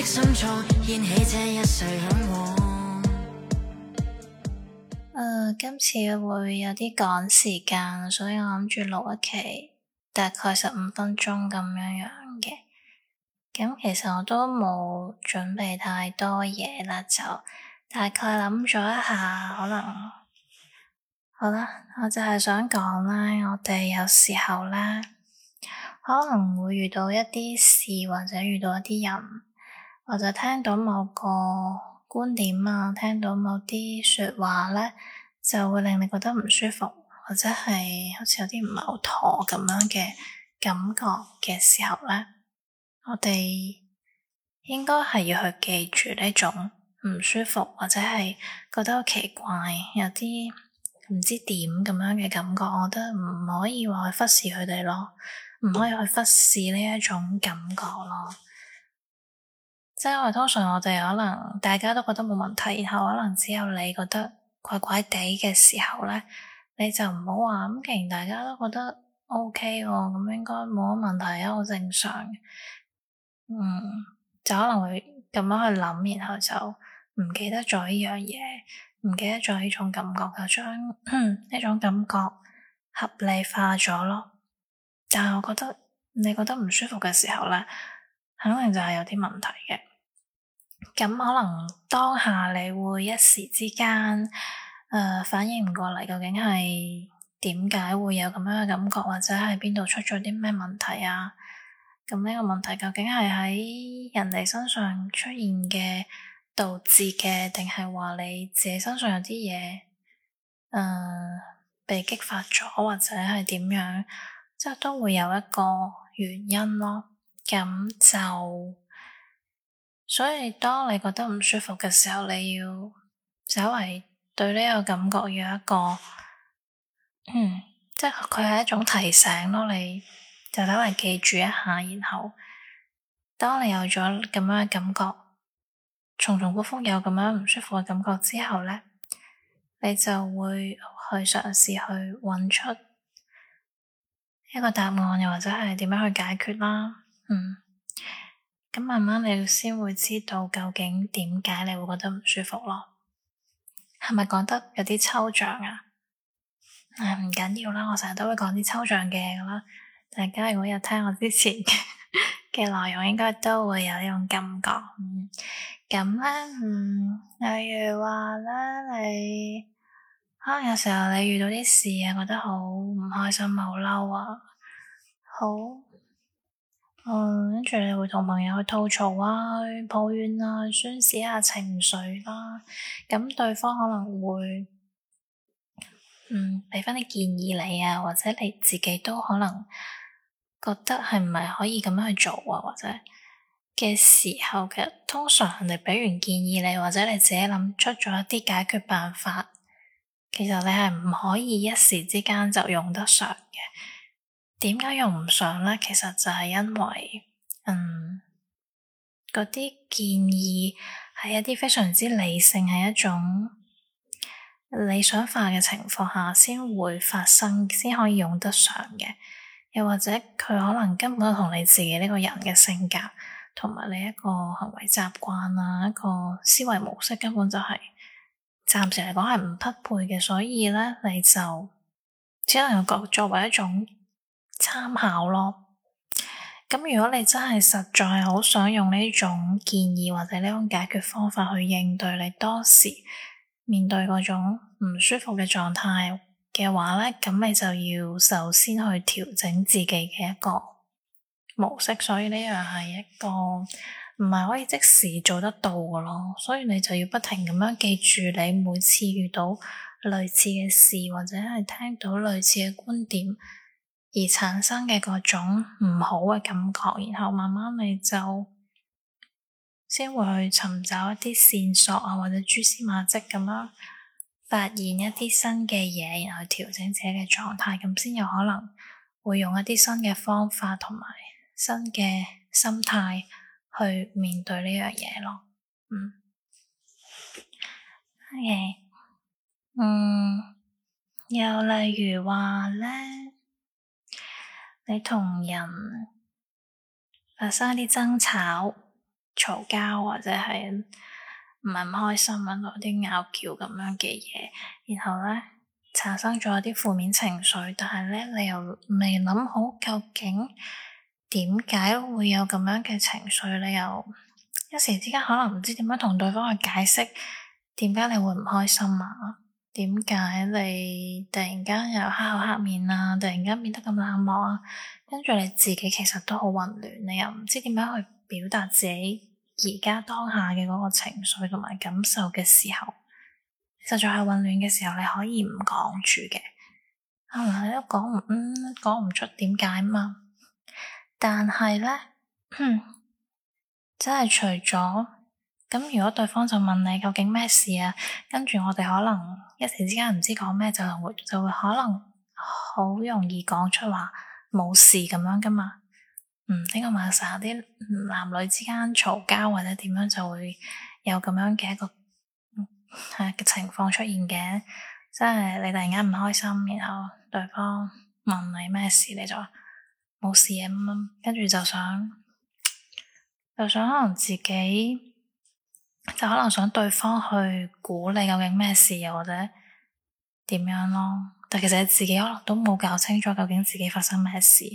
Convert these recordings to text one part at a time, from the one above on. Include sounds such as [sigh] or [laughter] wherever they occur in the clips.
誒、呃，今次會有啲趕時間，所以我諗住錄一期大概十五分鐘咁樣樣嘅。咁其實我都冇準備太多嘢啦，就大概諗咗一下，可能好啦。我就係想講啦。我哋有時候咧可能會遇到一啲事，或者遇到一啲人。我就聽到某個觀點啊，聽到某啲說話咧，就會令你覺得唔舒服，或者係好似有啲唔係好妥咁樣嘅感覺嘅時候咧，我哋應該係要去記住呢種唔舒服或者係覺得好奇怪、有啲唔知點咁樣嘅感覺，我覺得唔可以話去忽視佢哋咯，唔可以去忽視呢一種感覺咯。即係因為通常我哋可能大家都覺得冇問題，然後可能只有你覺得怪怪地嘅時候咧，你就唔好話咁，既然大家都覺得 OK 喎，咁應該冇乜問題啊，好正常。嗯，就可能會咁樣去諗，然後就唔記得咗呢樣嘢，唔記得咗呢種感覺，就將呢種感覺合理化咗咯。但係我覺得你覺得唔舒服嘅時候咧，肯定就係有啲問題嘅。咁可能當下你會一時之間誒、呃、反應唔過嚟，究竟係點解會有咁樣嘅感覺，或者係邊度出咗啲咩問題啊？咁呢個問題究竟係喺人哋身上出現嘅導致嘅，定係話你自己身上有啲嘢誒被激發咗，或者係點樣，即係都會有一個原因咯。咁就。所以，當你覺得唔舒服嘅時候，你要稍微對呢個感覺有一個，嗯，即係佢係一種提醒咯。你就稍微記住一下，然後當你有咗咁樣嘅感覺，重重複複有咁樣唔舒服嘅感覺之後咧，你就會去嘗試去揾出一個答案，又或者係點樣去解決啦。嗯。咁慢慢你先會知道究竟點解你會覺得唔舒服咯。係咪講得有啲抽象啊？唉，唔緊要啦，我成日都會講啲抽象嘅嘢啦。大家如果有聽我之前嘅內 [laughs] 容，應該都會有呢種感覺。嗯、咁咧，嗯，例如話咧，你可能有時候你遇到啲事啊，覺得好唔開心、好嬲啊，好。嗯，跟住你會同朋友去吐槽啊，去抱怨啊，宣泄下情緒啦、啊。咁對方可能會，嗯，俾翻啲建議你啊，或者你自己都可能覺得係唔係可以咁樣去做啊，或者嘅時候，嘅通常人哋俾完建議你，或者你自己諗出咗一啲解決辦法，其實你係唔可以一時之間就用得上嘅。點解用唔上咧？其實就係因為，嗯，嗰啲建議係一啲非常之理性，係一種理想化嘅情況下先會發生，先可以用得上嘅。又或者佢可能根本同你自己呢個人嘅性格，同埋你一個行為習慣啊，一個思維模式根本就係、是、暫時嚟講係唔匹配嘅。所以咧，你就只能夠作為一種。參考咯。咁如果你真係實在好想用呢種建議或者呢種解決方法去應對你當時面對嗰種唔舒服嘅狀態嘅話咧，咁你就要首先去調整自己嘅一個模式。所以呢樣係一個唔係可以即時做得到嘅咯。所以你就要不停咁樣記住你每次遇到類似嘅事或者係聽到類似嘅觀點而產生嘅嗰種唔好嘅感覺，然後慢慢你就先會去尋找一啲線索啊，或者蛛絲馬跡咁樣發現一啲新嘅嘢，然後調整自己嘅狀態，咁先有可能會用一啲新嘅方法同埋新嘅心態去面對呢樣嘢咯。嗯，係，okay，嗯，又例如話咧。你同人發生啲爭吵、嘈交，或者係唔係唔開心啊，同啲拗撬咁樣嘅嘢，然後咧產生咗一啲負面情緒，但係咧你又未諗好究竟點解會有咁樣嘅情緒，你又一時之間可能唔知點樣同對方去解釋點解你會唔開心啊？點解你突然間又黑口黑面啦、啊？突然間變得咁冷漠啊？跟住你自己其實都好混亂，你又唔知點樣去表達自己而家當下嘅嗰個情緒同埋感受嘅時候，實在係混亂嘅時候，你可以唔講住嘅，係、啊、咪？你都講唔講唔出點解嘛，但係咧，哼，真係除咗。咁如果對方就問你究竟咩事啊，跟住我哋可能一時之間唔知講咩，就就會可能好容易講出話冇事咁樣噶嘛。嗯，呢個晚上日啲男女之間嘈交或者點樣就會有咁樣嘅一個，嗯啊、個情況出現嘅，即係你突然間唔開心，然後對方問你咩事，你就話冇事咁樣，嗯，跟住就想就想可能自己。就可能想對方去估你究竟咩事，又或者點樣咯？但其實你自己可能都冇搞清楚究竟自己發生咩事，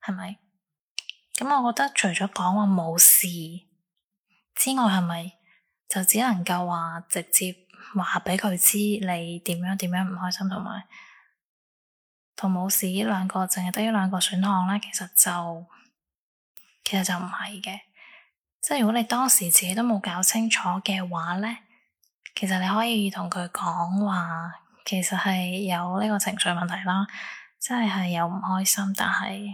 係咪？咁我覺得除咗講話冇事之外，係咪就只能夠話直接話俾佢知你點樣點樣唔開心，同埋同冇事呢兩個，淨係得呢兩個選項咧，其實就其實就唔係嘅。即係如果你當時自己都冇搞清楚嘅話咧，其實你可以同佢講話，其實係有呢個情緒問題啦，即係係有唔開心，但係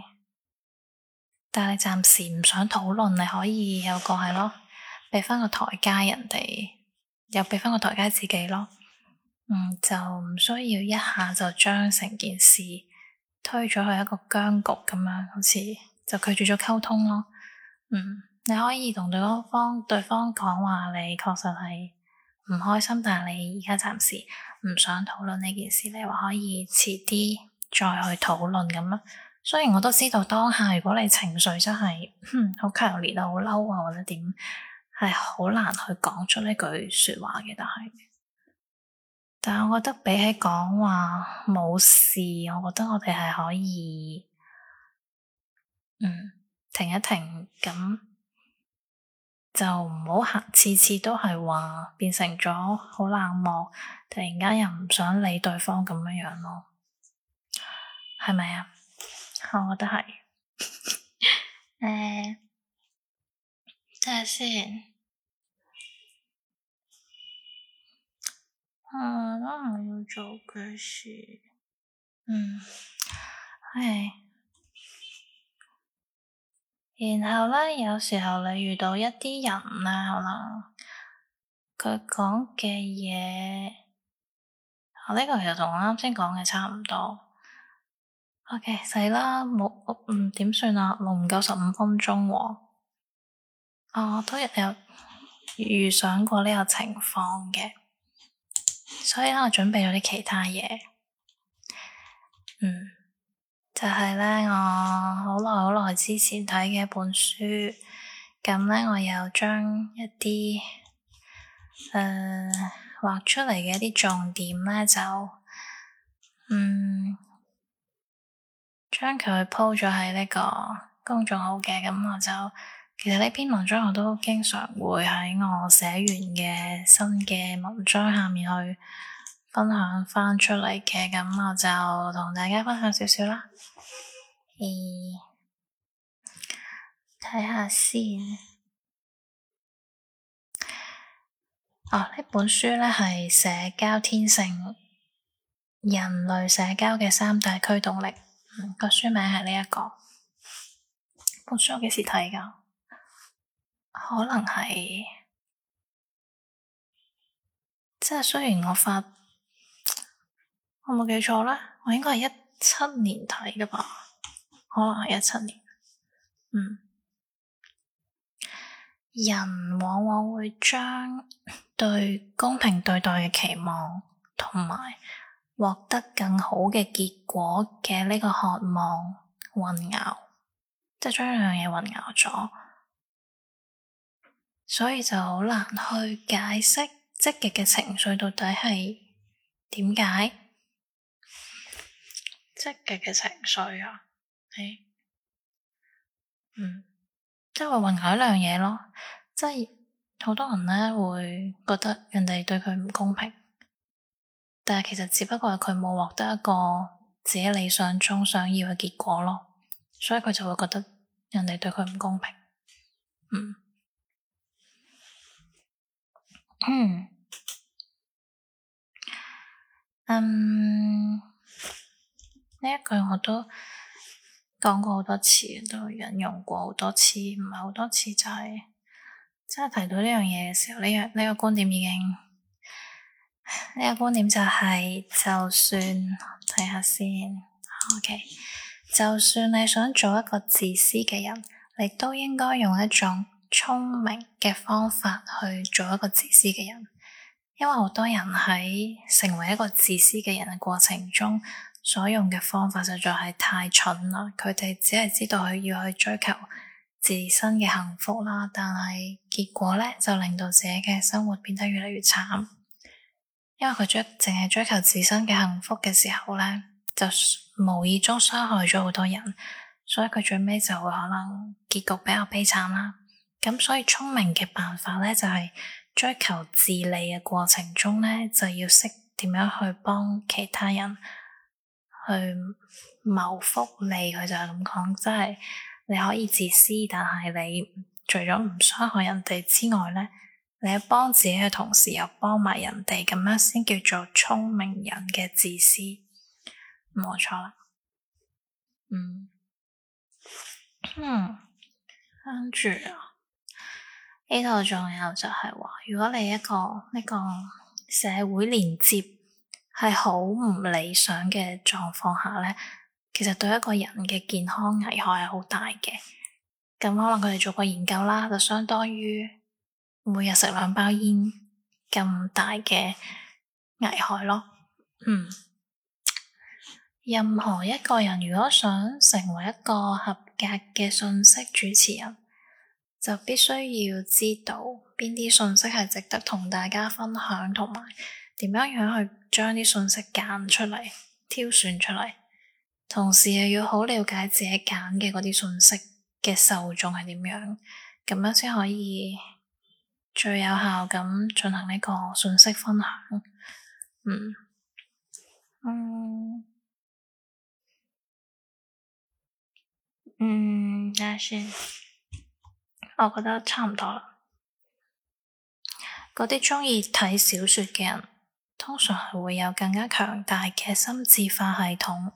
但係暫時唔想討論，你可以有個係咯，俾翻個台階人哋，又俾翻個台階自己咯，嗯，就唔需要一下就將成件事推咗去一個僵局咁樣，好似就拒絕咗溝通咯，嗯。你可以同對方對方講話，你確實係唔開心，但係你而家暫時唔想討論呢件事，你話可以遲啲再去討論咁啦。雖然我都知道當下如果你情緒真係好強烈啊、好嬲啊或者點，係好難去講出呢句說話嘅，但係，但係我覺得比起講話冇事，我覺得我哋係可以，嗯，停一停咁。就唔好行，次次都係話變成咗好冷漠，突然間又唔想理對方咁樣樣咯，係咪啊？我覺得係、 [laughs] 欸，誒，睇下先，啊，我要做嘅事，嗯，係。然後咧，有時候你遇到一啲人啦，可能佢講嘅嘢，啊呢、呢個其實同我啱先講嘅差唔多。OK，細啦，冇，嗯，點算啊？錄唔夠十五分鐘喎、哦。我、啊、都日有預想過呢個情況嘅，所以咧，我準備咗啲其他嘢。嗯。就係咧，我好耐好耐之前睇嘅一本書，咁咧我又將一啲誒畫出嚟嘅一啲重點咧，就嗯將佢鋪咗喺呢個公眾號嘅，咁我就其實呢篇文章我都經常會喺我寫完嘅新嘅文章下面去。分享翻出嚟嘅，咁我就同大家分享少少啦。咦、嗯？睇下先。哦、啊，呢本書呢係《社交天性：人類社交嘅三大驅動力》嗯。個書名係呢一個。本書我幾時睇㗎？可能係，即係雖然我發。我冇記錯咧？我應該係一七年睇嘅吧，可能係一七年。嗯，人往往會將對公平對待嘅期望同埋獲得更好嘅結果嘅呢個渴望混淆，即係將兩樣嘢混淆咗，所以就好難去解釋積極嘅情緒到底係點解。積極嘅情緒啊，係、hey.，嗯，即係混淆一樣嘢咯，即係好多人咧會覺得人哋對佢唔公平，但係其實只不過係佢冇獲得一個自己理想中想要嘅結果咯，所以佢就會覺得人哋對佢唔公平。嗯，嗯。Um, 呢一句我都講過好多次，都引用過好多次，唔係好多次就係真係提到呢樣嘢嘅時候，呢樣呢個觀點已經呢、這個觀點就係、是，就算睇下先，OK，就算你想做一個自私嘅人，你都應該用一種聰明嘅方法去做一個自私嘅人，因為好多人喺成為一個自私嘅人嘅過程中。所用嘅方法實在係太蠢啦！佢哋只係知道佢要去追求自身嘅幸福啦，但係結果咧就令到自己嘅生活變得越嚟越慘，因為佢追淨係追求自身嘅幸福嘅時候咧，就無意中傷害咗好多人，所以佢最尾就會可能結局比較悲慘啦。咁所以聰明嘅辦法咧就係、是、追求自利嘅過程中咧，就要識點樣去幫其他人。去謀福利，佢就係咁講，即係你可以自私，但係你除咗唔傷害人哋之外咧，你係幫自己嘅同時又幫埋人哋，咁樣先叫做聰明人嘅自私，冇錯啦。嗯，嗯，跟住啊，呢度仲有就係話，如果你一個呢個社會連接。係好唔理想嘅狀況下咧，其實對一個人嘅健康危害係好大嘅。咁可能佢哋做過研究啦，就相當於每日食兩包煙咁大嘅危害咯。嗯，任何一個人如果想成為一個合格嘅信息主持人，就必須要知道邊啲信息係值得同大家分享同埋。點樣樣去將啲信息揀出嚟、挑選出嚟，同時又要好了解自己揀嘅嗰啲信息嘅受衆係點樣，咁樣先可以最有效咁進行呢個信息分享。嗯，嗯，嗯，嘉欣，我覺得差唔多啦。嗰啲中意睇小說嘅人，通常係會有更加強大嘅心智化系統，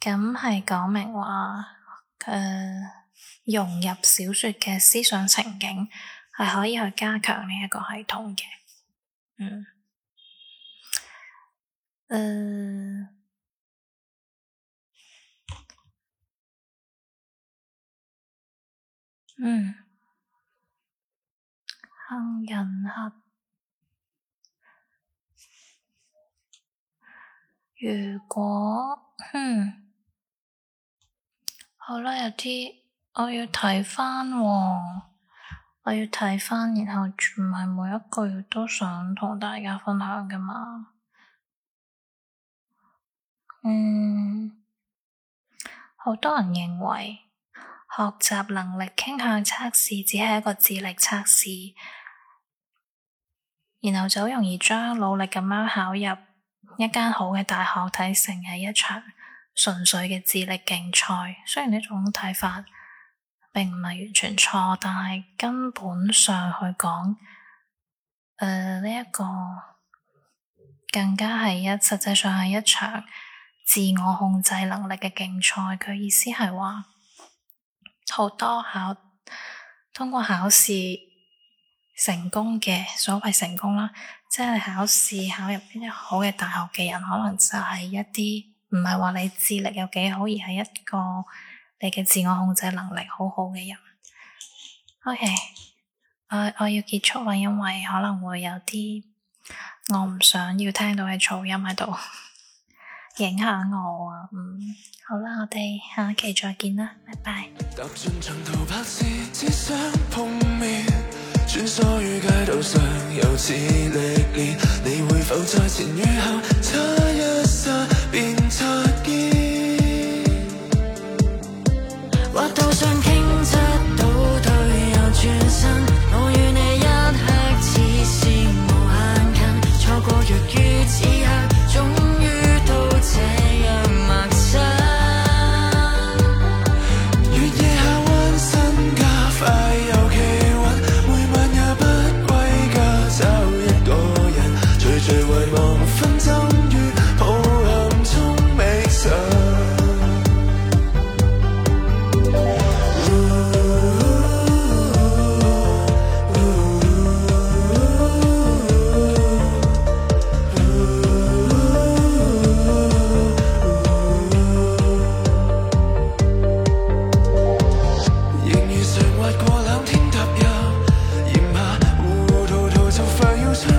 咁係講明話、呃，融入小説嘅思想情景係可以去加強呢一個系統嘅。嗯，誒、呃，嗯，杏仁核。如果，哼、嗯，好啦，有啲我要睇翻喎，我要睇翻，然後唔係每一個月都想同大家分享噶嘛。嗯，好多人認為學習能力傾向測試只係一個智力測試，然後就好容易將努力噉樣考入。一間好嘅大學睇成係一場純粹嘅智力競賽，雖然呢種睇法並唔係完全錯，但係根本上去講，誒呢一個更加係一實際上係一場自我控制能力嘅競賽。佢意思係話，好多考通過考試成功嘅所謂成功啦。即係考試考入邊啲好嘅大學嘅人，可能就係一啲唔係話你智力有幾好，而係一個你嘅自我控制能力好好嘅人。OK，我我要結束啦，因為可能會有啲我唔想要聽到嘅噪音喺度， [laughs] 影下我啊。嗯，好啦，我哋下期再見啦，拜拜。穿梭於街道上，又似歷練，你會否在前與後差一剎？